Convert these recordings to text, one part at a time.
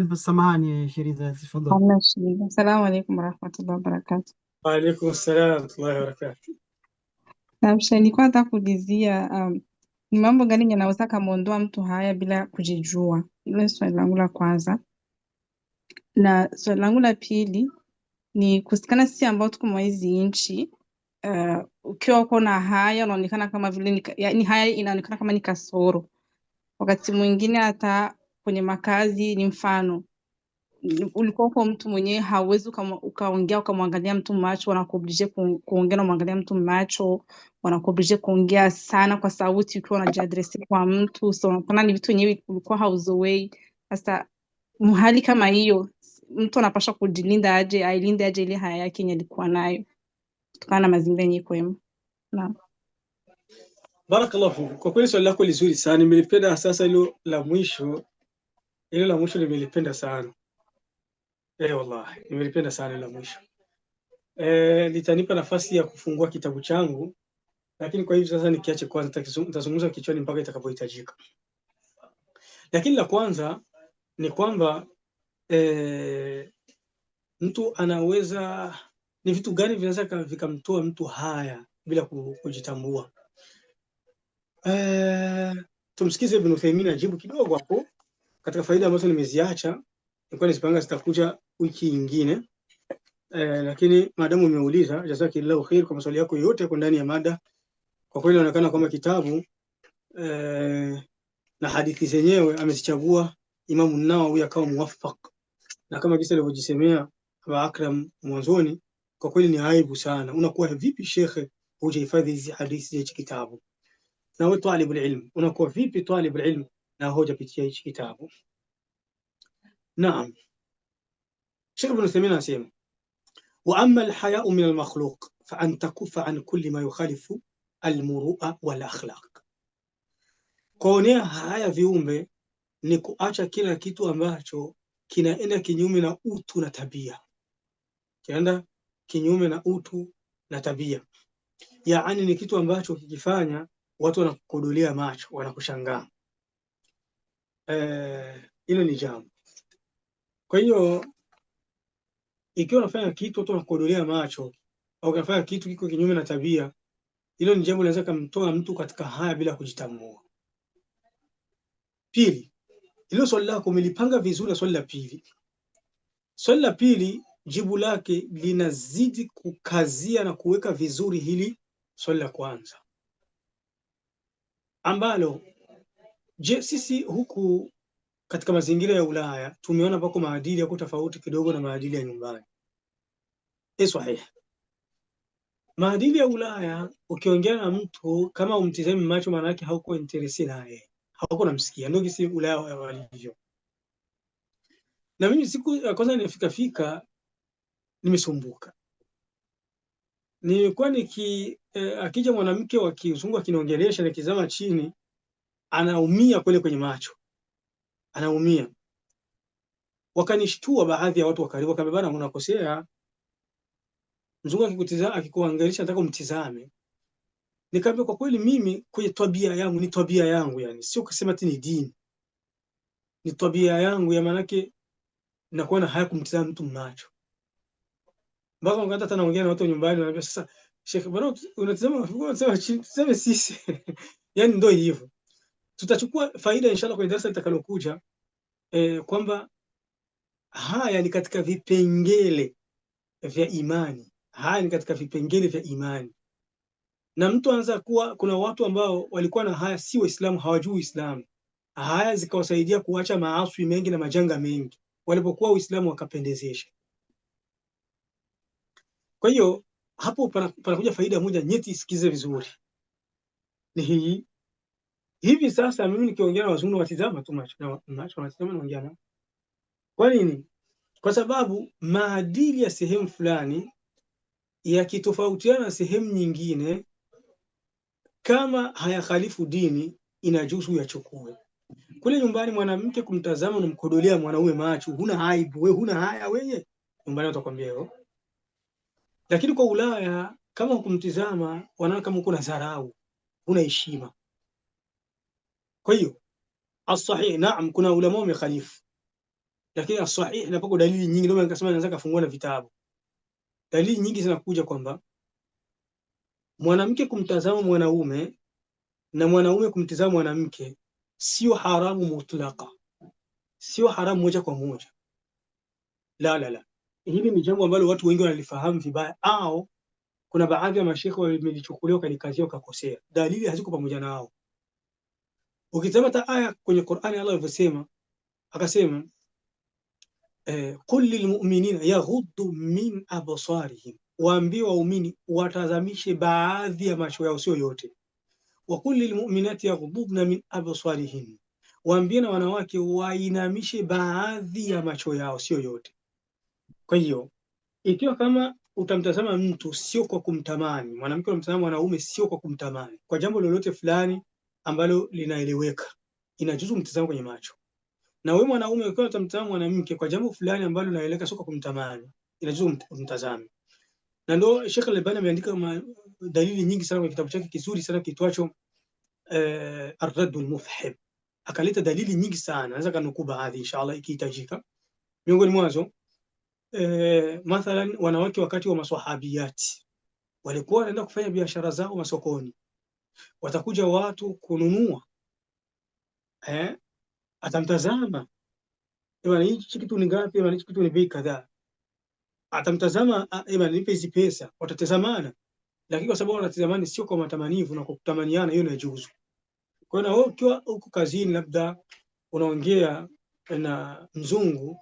بس سامحاني يا شريدة تفضل عمنا الشديدة السلام عليكم ورحمة الله وbarakatuh Waalaikum salam warahmatullahi wabarakatuh. Na mshauri, nilikuwa nataka kuulizia um, ni mambo gani yanaweza yakamwondoa mtu haya bila kujijua? Hilo swali langu la kwanza, na swali langu la pili ni kusikana sisi ambao tuko mwa hizi nchi uh, ukiwa uko na haya unaonekana kama vile ni, yani haya inaonekana kama ni kasoro, wakati mwingine hata kwenye makazi ni mfano ulikuwa kwa mtu mwenyewe hauwezi ukaongea ukamwangalia mtu macho, wanakuoblije kuongea namwangalia mtu macho, wanakuoblije kuongea sana kwa sauti ukiwa unajiadresi kwa mtu. So kuna ni vitu wenyewe ulikuwa hauzowei Sasa mhali kama hiyo, mtu anapasha kujilinda aje, ailinde aje ile haya yake enye alikuwa nayo kutokana na mazingira yenye kwemu. Naam, barakallahu. Kwa kweli swali lako lizuri sana, nimelipenda. Sasa hilo la mwisho ile la mwisho nimelipenda sana eh, wallahi nimelipenda sana ile la mwisho eh, litanipa nafasi ya kufungua kitabu changu, lakini kwa hivi sasa nikiache kwanza, nitazungumza kichwani mpaka itakapohitajika. Lakini la kwanza ni kwamba eh, mtu anaweza ni vitu gani vinaweza vikamtoa mtu haya bila kujitambua. Eh, tumsikize Ibn Uthaymeen ajibu kidogo hapo katika faida ambazo nimeziacha nilikuwa nisipanga zitakuja wiki nyingine eh, lakini maadamu umeuliza, jazakillahu khair kwa maswali yako yote yako ndani ya mada. Kwa kweli inaonekana kwamba kitabu eh, na hadithi zenyewe amezichagua Imam Nawawi akawa muwafaq, na kama kisa alivyojisemea Aba Akram mwanzoni, kwa kweli ni aibu sana. Unakuwa vipi shekhe hujahifadhi hizi hadithi za kitabu? Na wewe talibul ilm unakuwa vipi talibul ilm na hoja pitia hichi kitabu. Naam, Sheikh Ibn Uthaymeen anasema wa amma alhayau min almakhluq fa an takufa an kulli ma yukhalifu almurua wal akhlaq, kuonea haya viumbe ni kuacha kila kitu ambacho kinaenda kinyume na utu na tabia, kienda kinyume na utu na tabia, yaani ni kitu ambacho kikifanya watu wanakukodolea macho, wanakushangaa Eh, hilo eh, ni jambo. Kwa hiyo ikiwa unafanya kitu watu wanakukodolea macho au unafanya kitu kiko kinyume na tabia, hilo ni jambo linaweza kumtoa mtu katika haya bila kujitambua. Pili, hilo swali lako umelipanga vizuri, na swali la pili, swali la pili jibu lake linazidi kukazia na kuweka vizuri hili swali la kwanza ambalo Je, sisi huku katika mazingira ya Ulaya tumeona pako maadili yako tofauti kidogo na maadili ya nyumbani. E, sahihi. Maadili ya Ulaya ukiongea na mtu kama umtizame macho, maana yake hauko interesi naye, hauko namsikia. Ndio kisi Ulaya walivyo. Na mimi siku ya kwanza nilifika fika nimesumbuka, nilikuwa niki eh, akija mwanamke wa kizungu akiniongelesha nikizama chini anaumia kule kwenye macho, anaumia. Wakanishtua baadhi ya watu wa karibu, akambia bana, unakosea mzungu akikutizama, akikuangalisha, nataka umtizame. Nikaambia kwa kweli, mimi kwenye tabia yangu ni tabia yangu, yani sio kusema ati ni dini, ni tabia yangu ya maanake nakuwa na haya kumtizama mtu macho, mpaka wakati hata naongea na watu nyumbani, wanaambia sasa, Sheikh bwana, unatizama unasema chini, tuseme sisi yani ndio hivyo Tutachukua faida inshallah kwenye darasa litakalokuja eh, kwamba haya ni katika vipengele vya imani, haya ni katika vipengele vya imani. Na mtu anaweza kuwa, kuna watu ambao walikuwa na haya, si Waislamu, hawajui Uislamu, haya zikawasaidia kuacha maaswi mengi na majanga mengi, walipokuwa Uislamu wakapendezesha. Kwa hiyo hapo panakuja faida moja nyeti, isikize vizuri, ni hii hivi sasa mimi nikiongea na wazungu watizama tu macho wanatizama ongea nao. Kwa nini? Kwa sababu maadili ya sehemu fulani yakitofautiana na sehemu nyingine, kama hayakhalifu dini, inajuzu yachukue. Kule nyumbani mwanamke kumtazama na mkodolea mwanaume macho, huna aibu wewe, huna haya wewe, nyumbani watakwambia hiyo. Oh. Lakini kwa Ulaya, kama hukumtizama, wanaona kama uko na dharau, huna heshima kwa hiyo as-sahih, naam, kuna ulama wamekhalifu, lakini as-sahih inapako dalili nyingi, ndio nikasema naweza kafungua na vitabu. Dalili nyingi zinakuja kwamba mwanamke kumtazama mwanaume na mwanaume kumtazama mwanamke sio haramu mutlaka, sio haramu moja kwa moja. La, la, la, hili ni jambo ambalo watu wengi wanalifahamu vibaya, au kuna baadhi ya mashekhe wamelichukulia wakalikazia wakakosea. Dalili haziko pamoja nao. Ukitazama hata aya kwenye Qur'ani Allah alivyosema akasema eh, qul lilmu'minina yaghuddu min absarihim, waambie waumini watazamishe baadhi ya macho yao, sio yote. Wa qul lilmu'minati yaghuddna min absarihim, waambie na wanawake wainamishe baadhi ya macho yao, sio yote. Kwa hiyo ikiwa kama utamtazama mtu sio kwa kumtamani, mwanamke unamtazama mwanaume sio kwa kumtamani, kwa jambo lolote fulani ambalo linaeleweka, inajuzu mtizamo kwenye macho. Na wewe mwanaume ukiwa utamtazama mwanamke kwa jambo fulani ambalo linaeleweka, sio kwa kumtamani, inajuzu mtazame. Na ndo Sheikh Al-Albani ameandika dalili nyingi sana kwenye kitabu chake kizuri sana kitwacho eh, Ar-Raddul Mufhib. akaleta dalili nyingi sana, naweza kanukuu baadhi inshallah ikihitajika. Miongoni mwazo eh, mathalan wanawake wakati wa masahabiati walikuwa wanaenda kufanya biashara zao masokoni watakuja watu kununua eh, atamtazama hichi kitu ni ngapi? Hichi kitu ni bei kadhaa. Atamtazama, nipe hizi pesa, watatazamana, lakini kwa sababu wanatazamana sio kwa matamanivu na kwa kutamaniana, hiyo inajuzu. Kwa hiyo na wewe ukiwa huko kazini, labda unaongea na mzungu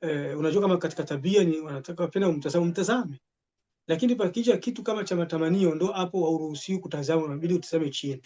eh, unajua kama katika tabia ni wanataka wapenda umtazame, umtazame lakini pakija kitu kama cha matamanio, ndo hapo hauruhusiwi kutazama, unabidi utazame chini,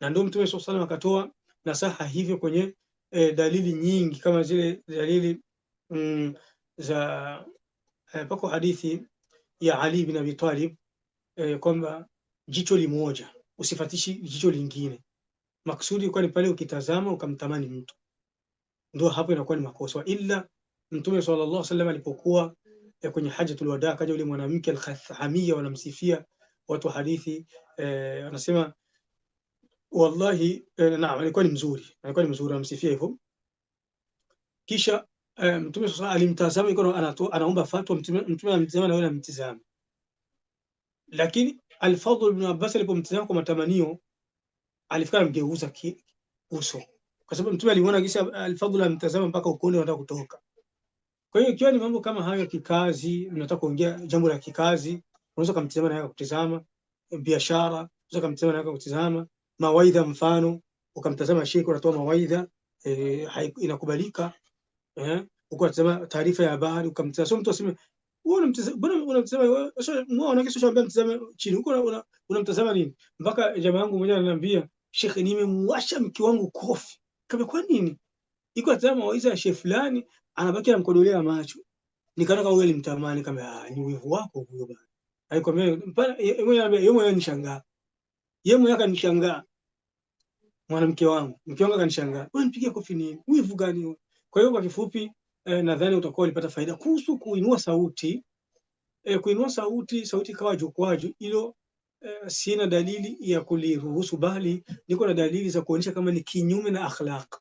na ndo Mtume swalla wasallam akatoa nasaha hivyo kwenye e, dalili nyingi kama zile dalili mm, za e, pako hadithi ya Ali bin Abi Talib e, kwamba jicho limoja usifatishi jicho lingine. Maksudi kwa ni pale ukitazama ukamtamani mtu, ndio hapo inakuwa ni makosa. Ila Mtume sallallahu alayhi wasallam alipokuwa ya kwenye Hajjatul tulwada, kaja yule mwanamke al wanamsifia watu wa hadithi eh, wanasema wallahi eh, naam, alikuwa ni mzuri, alikuwa ni mzuri, anamsifia hivyo. Kisha eh, Mtume sasa alimtazama, alikuwa anaomba fatwa, Mtume anamtazama na yule anamtazama, lakini Alfadhl fadhl ibn Abbas alipomtazama kwa matamanio alifika amgeuza uso, kwa sababu Mtume aliona kisha Alfadhl anamtazama mpaka ukonde anataka kutoka kwa hiyo ikiwa ni mambo kama hayo kikazi, unataka kuongea jambo la kikazi, unaweza kumtizama na kutizama Biashara, unaweza kumtizama na kutizama Mawaidha, mfano ukamtazama shekhi unatoa mawaidha eh, inakubalika eh, uko unatazama taarifa ya habari ukamtazama. Sio mtu aseme wewe unamtazama, bwana unamtazama, sio mwa na kesho shambia chini huko, unamtazama nini? Mpaka jamaa yangu mmoja ananiambia, shekhi, nimemwasha mke wangu kofi. Kama kwa nini? Iko atazama mawaidha ya shekhi fulani anabaki anamkodolea macho. Nikaona kama yule nimtamani kama ah, ni wivu wako huyo bwana. Alikwambia mpana yeye mwenyewe ananishangaa. Yeye mwenyewe akanishangaa. Mwanamke wangu, mke wangu akanishangaa. Wewe nipigie kofi nini? Wivu gani huo? Kwa hiyo kwa kifupi eh, nadhani utakuwa ulipata faida kuhusu kuinua sauti. Eh, kuinua sauti, sauti kawa jukwaju hilo eh, sina dalili ya kuliruhusu bali niko na dalili za kuonyesha kama ni kinyume na akhlaq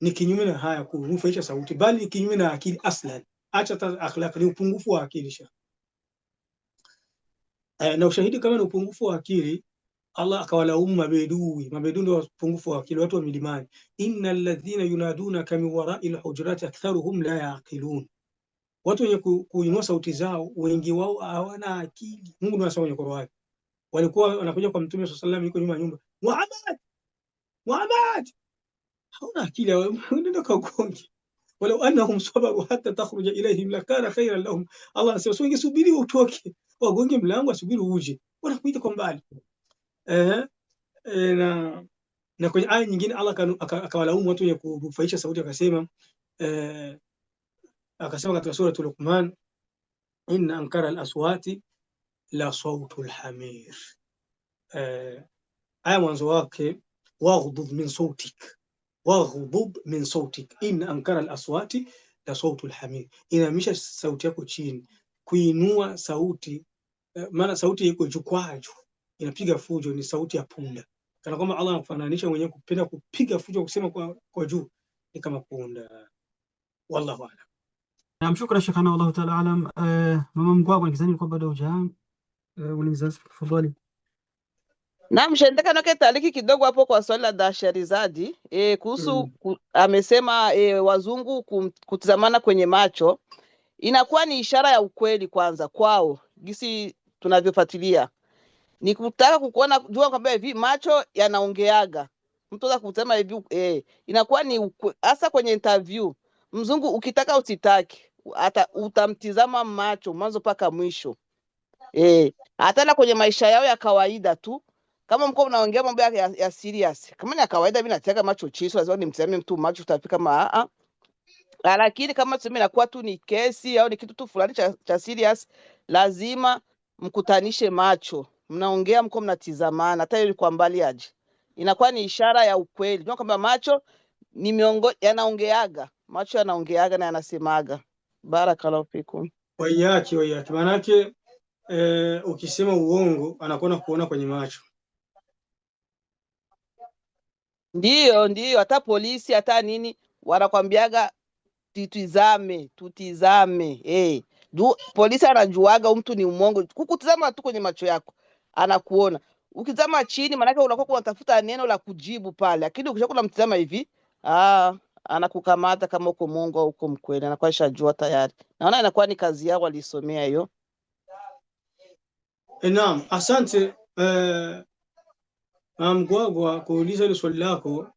ni kinyume na haya kunufaisha sauti, bali ni kinyume na akili aslan. Acha ta akhlaq, ni upungufu wa akili sha E, eh, na ushahidi kama ni upungufu wa akili Allah akawalaumu mabedui. Mabedui ndio upungufu wa akili, watu wa milimani. innal ladhina yunaduna min warai alhujurati aktharuhum la yaqilun, watu wenye kuinua sauti zao wengi wao hawana akili. Mungu ndio anasema kwenye Qur'an, walikuwa wanakuja kwa Mtume sallallahu alayhi wasallam, yuko nyuma nyumba, Muhammad Muhammad hauna akili unaenda kaukonge walau annahum sabaru hata takhruja ilaihim lakana khairan lahum. Allah anasema so ingesubiri utoke wagonge mlango asubiri uje, wanakuita kwa mbali eh, eh, na, na kwenye aya nyingine Allah akawalaumu watu wenye kufaisha sauti akasema eh, akasema katika sura Luqman, inna ankara al-aswati la sautu al-hamir. Eh, aya mwanzo wake waghdud min sawtika waghdub min sautik in ankara alaswati la sautu alhamir, inaamisha sauti yako chini, kuinua sauti eh, maana sauti iko jukwaa juu, inapiga fujo, ni sauti ya punda. Kana kwamba Allah anafananisha mwenye kupenda kupiga fujo, kusema kwa, kwa juu ni kama punda. Wallahu a'lam. Naam, Namshukuru Shekhana, wallahu taala alam. Eh, Mama Mngwagwa, nikizani kwa bado huja eh, uliza, tafadhali. Naam, shendeka nake taliki kidogo hapo kwa swali la Dasharizadi e, kuhusu mm. ku, amesema e, wazungu kum, kutizamana kwenye macho inakuwa ni ishara ya ukweli kwanza kwao, gisi tunavyofuatilia ni kutaka kukuona, jua kwamba hivi macho yanaongeaga mtu za kutema hivi e, inakuwa ni hasa kwenye interview mzungu, ukitaka usitaki, hata utamtizama macho mwanzo mpaka mwisho eh, hata na kwenye maisha yao ya kawaida tu kama mko unaongea mambo ya, ya serious kama ni kawaida, mimi nataka macho chiso lazima nimtazame mtu macho, tutafika ma a ah, a, ah. ah, lakini kama tuseme inakuwa tu ni kesi au ni kitu tu fulani cha, cha serious, lazima mkutanishe macho, mnaongea mko mnatizamana, hata ile kwa mbali aje, inakuwa ni ishara ya ukweli. Ndio kwamba macho ni miongo yanaongeaga, macho yanaongeaga na yanasemaga. Barakallahu fikum. Wayaki wayaki, manake eh, ukisema uongo anakuwa na kuona kwenye macho Ndiyo, ndiyo, hata polisi hata nini wanakwambiaga tutizame, tutizame. Eh, Du, polisi anajuaga mtu ni mwongo, kukutizama tu kwenye macho yako anakuona. Ukizama chini, maanake unakuwa unatafuta neno la kujibu pale, lakini ukishakuwa mtizama hivi ah, anakukamata kama uko mwongo au uko mkweli, anakuwa shajua tayari. Naona inakuwa ni kazi yao walisomea hiyo. Eh, naam, asante eh, Ah, Mgwagwa, kuuliza hilo swali lako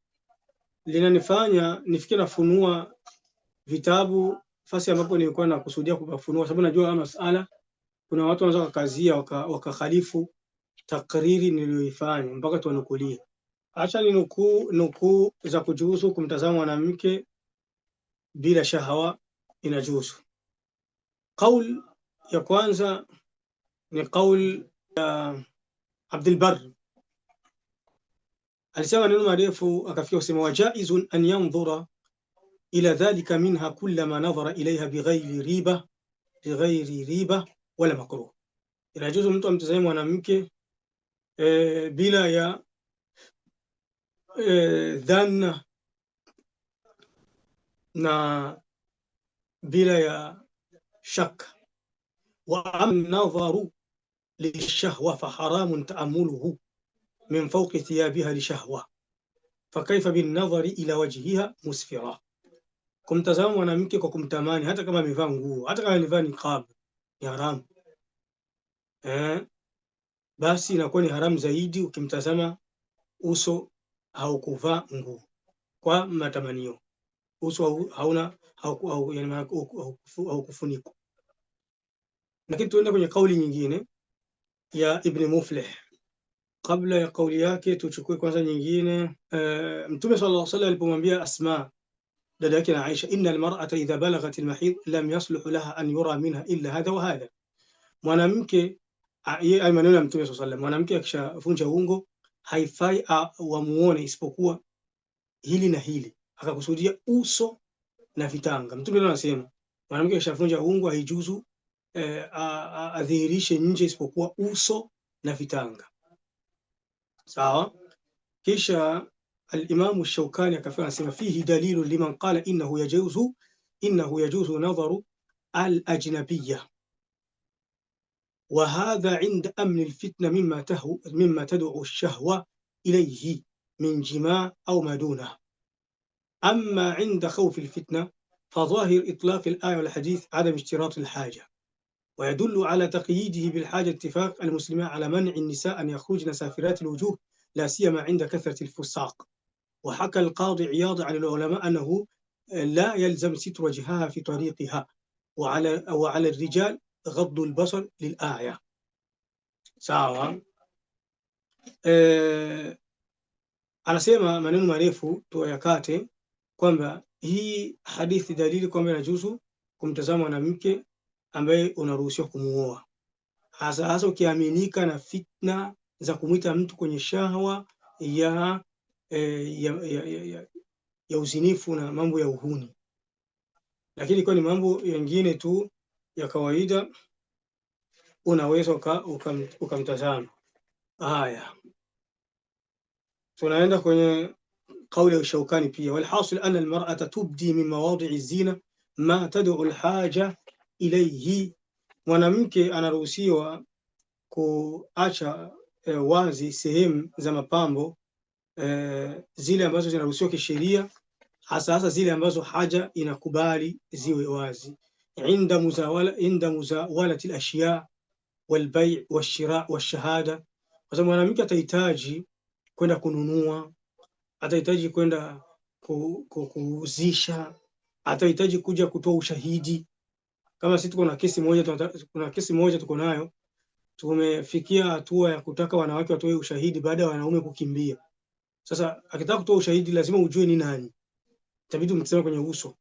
linanifanya nifikie nafunua vitabu fasi ambapo nilikuwa nakusudia kufunua, sababu najua masala kuna watu wanaweza wakazia wakakhalifu waka takriri niliyoifanya mpaka tuwanukulia. Acha ni nukuu nukuu za kujuhusu kumtazama mwanamke bila shahawa inajuhusu. Qaul ya kwanza ni qaul ya Abdul Barr alisema neno marefu akafika kusema wajaizun an yanzura ila dhalika minha kulla ma nadhara ilaiha bighairi riba bighairi riba wala makruh, inajuzu mtu amtazame mwanamke e, bila ya e, dhana na bila ya shaka. Wa amnadharu nadharu lishahwa faharamun taamuluhu min fawqi thiyabiha lishahwa fakaifa binnadhari ila wajhiha musfira, kumtazama mwanamke kwa kumtamani, hata kama amevaa nguo, hata kama amevaa niqab ni haramu eh, basi inakuwa ni haramu zaidi ukimtazama uso haukuvaa nguo kwa matamanio, uso hauna haukufunikwa. Lakini tuende kwenye kauli nyingine ya Ibn mufleh kabla ya kauli yake tuchukue kwanza nyingine. Uh, Mtume sallallahu alaihi wasallam alipomwambia Asma dada yake na Aisha, inna almar'ata idha balaghat almahid lam yasluhu laha an yura minha illa hadha wa hadha, mwanamke yeye maneno ya Mtume sallallahu alaihi wasallam, mwanamke akishafunja ungo haifai wamuone isipokuwa hili na hili, akakusudia uso na vitanga. Mtume ndio anasema mwanamke akishafunja ungo haijuzu eh, adhihirishe nje isipokuwa uso na vitanga. sawa kisha alimamu Shaukani akafanya sema fihi dalilu liman qala innahu yajuzu innahu yajuzu nadharu al-ajnabiyya wa hadha inda amni al-fitna mimma tahu mimma tad'u ash-shahwa ilayhi min jima' aw ma dunah أما عند خوف الفتنة فظاهر إطلاق الآية والحديث عدم اشتراط الحاجة ويدل على تقييده بالحاجة اتفاق المسلمين على منع النساء أن يخرجن سافرات الوجوه لا سيما عند كثرة الفساق وحكى القاضي عياض عن العلماء أنه لا يلزم ستر وجهها في طريقها وعلى, وعلى الرجال غض البصر للآية sawa آه، سيما anasema maneno marefu tuyakate kwamba hii hadithi dalili kwamba inajuzu kumtazama mwanamke ambaye unaruhusiwa kumuoa, hasa hasa ukiaminika na fitna za kumwita mtu kwenye shahwa ya, eh, ya, ya, ya, ya, ya uzinifu na mambo ya uhuni, lakini ikiwa ni mambo yengine tu ya kawaida unaweza ukamtazama. Haya, tunaenda kwenye kauli ya Shaukani pia, walhasil anna almar'ata tubdi min mawadi'i zina ma tad'u alhaja ilaihi, mwanamke anaruhusiwa kuacha e, wazi sehemu za mapambo e, zile ambazo zinaruhusiwa kisheria, hasa hasa zile ambazo haja inakubali ziwe wazi, inda muzawala inda muzawalati alashya walbai washira washahada, kwa sababu mwanamke atahitaji kwenda kununua, atahitaji kwenda kuuzisha, atahitaji kuja kutoa ushahidi kama sisi tuko na kesi moja, kuna kesi moja tuko nayo, tumefikia hatua ya kutaka wanawake watoe ushahidi baada ya wanaume kukimbia. Sasa akitaka kutoa ushahidi lazima ujue ni nani, itabidi umtazame kwenye uso.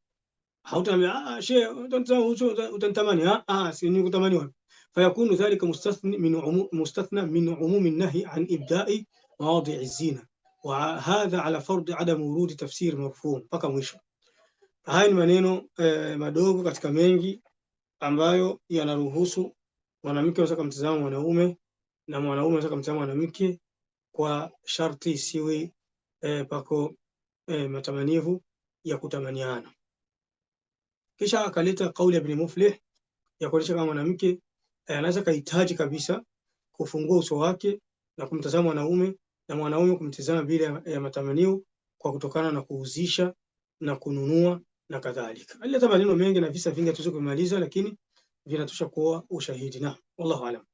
Hautaniambia ah, she utanitazama uso utanitamani, ah ah, si ni kutamani wapi? Fayakunu dhalika mustathna min umum mustathna min umum an-nahy an ibda'i mawadi'i zina wa hadha ala fard adam wurudi tafsir marfu, mpaka mwisho. Haya ni maneno eh, madogo katika mengi ambayo yanaruhusu mwanamke anaweza kumtazama mwanaume na mwanaume anaweza kumtazama mwanamke kwa sharti isiwe eh, pako eh, matamanivu ya kutamaniana. Kisha akaleta kauli ya Ibn Muflih ya kuonyesha kama mwanamke eh, anaweza kahitaji kabisa kufungua uso wake na kumtazama mwanaume na mwanaume kumtizama bila ya matamanio kwa kutokana na kuuzisha na kununua na kadhalika. Alileta maneno mengi na visa vingi hatuwezi kumaliza, lakini vinatosha kuwa ushahidi. Na wallahu alam.